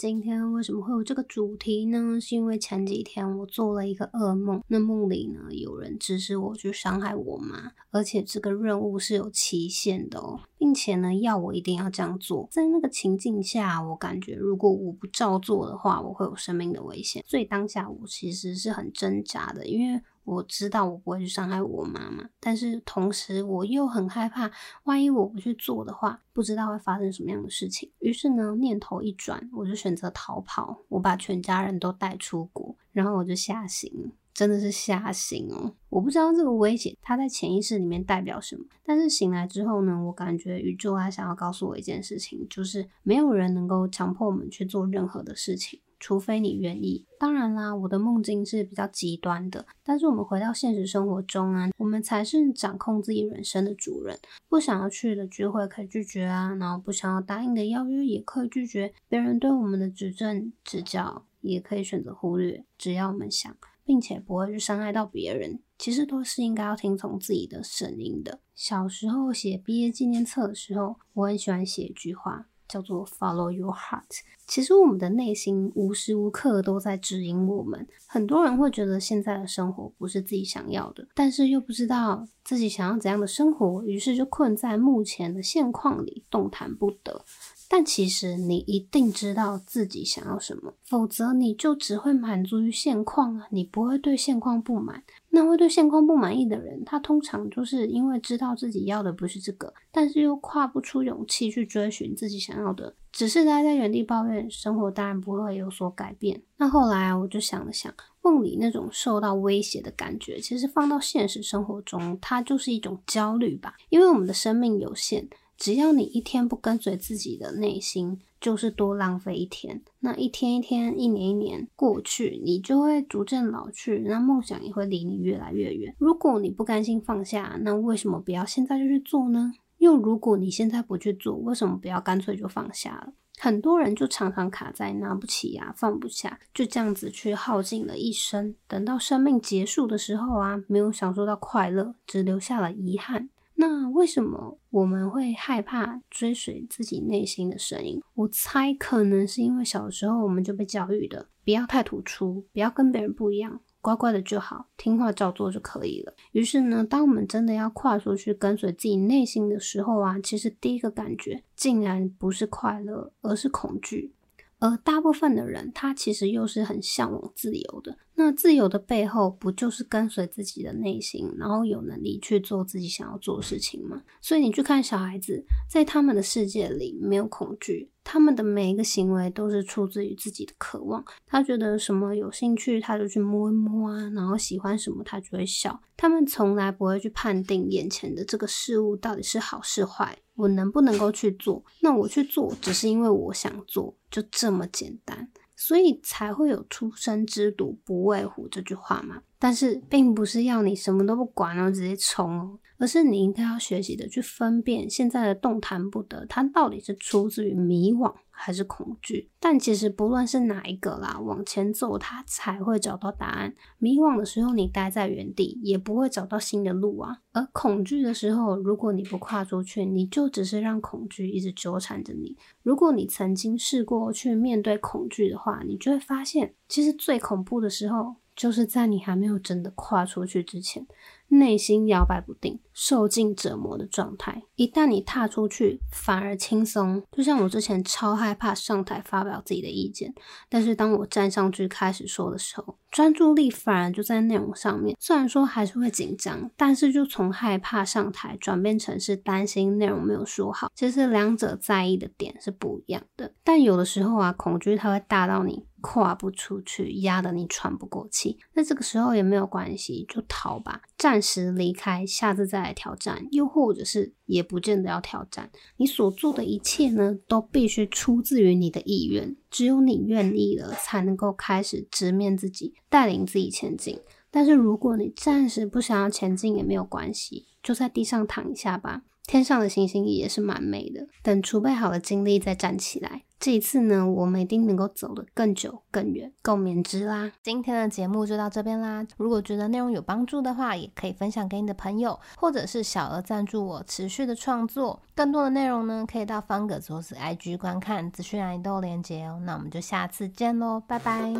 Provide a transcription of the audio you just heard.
今天為什麼會有這個主題呢？是因為前幾天我做了一個噩夢，那夢裡呢，有人指使我去傷害我媽，而且這個任務是有期限的哦，並且呢，要我一定要這樣做。在那個情境下，我感覺如果我不照做的話，我會有生命的危險，所以當下我其實是很掙扎的，因為，我知道我不會去傷害我媽媽，但是同時我又很害怕，萬一我不去做的話，不知道會發生什麼樣的事情。於是呢，念頭一轉，我就選擇逃跑，我把全家人都帶出國，然後我就嚇醒，真的是嚇醒哦。我不知道這個威脅它在潛意識裡面代表什麼，但是醒來之後呢，我感覺宇宙它想要告訴我一件事情，就是沒有人能夠強迫我們去做任何的事情。除非你願意，當然啦，我的夢境是比較極端的。但是我們回到現實生活中啊，我們才是掌控自己人生的主人。不想要去的聚會可以拒絕啊，然後不想要答應的邀約也可以拒絕。別人對我們的指正、指教，也可以選擇忽略。只要我們想，並且不會去傷害到別人，其實都是應該要聽從自己的聲音的。小時候寫畢業紀念冊的時候，我很喜歡寫一句話。叫做 Follow Your Heart。其實我們的內心無時無刻都在指引我們。很多人會覺得現在的生活不是自己想要的，但是又不知道自己想要怎樣的生活，於是就困在目前的現況裡，動彈不得。但其實你一定知道自己想要什麼，否則你就只會滿足於現況啊！你不會對現況不滿。那會對現況不滿意的人，他通常就是因為知道自己要的不是這個，但是又跨不出勇氣去追尋自己想要的，只是待在原地抱怨，生活當然不會有所改變。那後來啊，我就想了想，夢裡那種受到威脅的感覺，其實放到現實生活中，它就是一種焦慮吧，因為我們的生命有限。只要你一天不跟隨自己的內心，就是多浪費一天。那一天一天，一年一年過去，你就會逐漸老去，那夢想也會離你越來越遠。如果你不甘心放下，那為什麼不要現在就去做呢？又如果你現在不去做，為什麼不要乾脆就放下了？很多人就常常卡在拿不起啊、放不下，就這樣子去耗盡了一生。等到生命結束的時候啊，沒有享受到快樂，只留下了遺憾。那為什麼我們會害怕追隨自己內心的聲音？我猜可能是因為小時候我們就被教育的，不要太突出，不要跟別人不一樣，乖乖的就好，聽話照做就可以了。於是呢，當我們真的要跨出去跟隨自己內心的時候啊，其實第一個感覺竟然不是快樂，而是恐懼。而大部分的人，他其實又是很嚮往自由的。那自由的背後，不就是跟隨自己的內心，然後有能力去做自己想要做的事情嗎？所以你去看小孩子，在他們的世界裡，沒有恐懼。他們的每一個行為都是出自於自己的渴望。他覺得什麼有興趣，他就去摸一摸啊，然後喜歡什麼，他就會笑。他們從來不會去判定眼前的這個事物到底是好是壞，我能不能夠去做？那我去做，只是因為我想做，就這麼簡單。所以才會有“初生之犢不畏虎”這句話嘛，但是並不是要你什麼都不管，然後直接衝哦，而是你應該要學習的去分辨現在的動彈不得，它到底是出自於迷惘。還是恐懼，但其實不論是哪一個啦，往前走，它才會找到答案。迷惘的時候，你待在原地也不會找到新的路啊。而恐懼的時候，如果你不跨出去，你就只是讓恐懼一直糾纏着你。如果你曾經試過去面對恐懼的話，你就會發現，其實最恐怖的時候，就是在你還沒有真的跨出去之前。內心搖擺不定、受盡折磨的狀態，一旦你踏出去，反而輕鬆。就像我之前超害怕上台發表自己的意見，但是當我站上去開始說的時候，專注力反而就在內容上面。雖然說還是會緊張，但是就從害怕上台轉變成是擔心內容沒有說好。其實兩者在意的點是不一樣的。但有的時候啊，恐懼它會大到你跨不出去，壓得你喘不過氣。那這個時候也沒有關係，就逃吧，站時離開，下次再來挑戰；又或者是，也不見得要挑戰。你所做的一切呢，都必須出自於你的意願。只有你願意了，才能夠開始直面自己，帶領自己前進。但是，如果你暫時不想要前進，也沒有關係，就在地上躺一下吧。天上的星星也是蠻美的。等儲備好了精力再站起來。這一次呢，我們一定能夠走得更久、更遠，共勉之啦。今天的節目就到這邊啦。如果覺得內容有幫助的話，也可以分享給你的朋友，或者是小額贊助我持續的創作。更多的內容呢，可以到方格子或是 IG 觀看資訊，我都連接哦。那我們就下次見嘍，拜拜。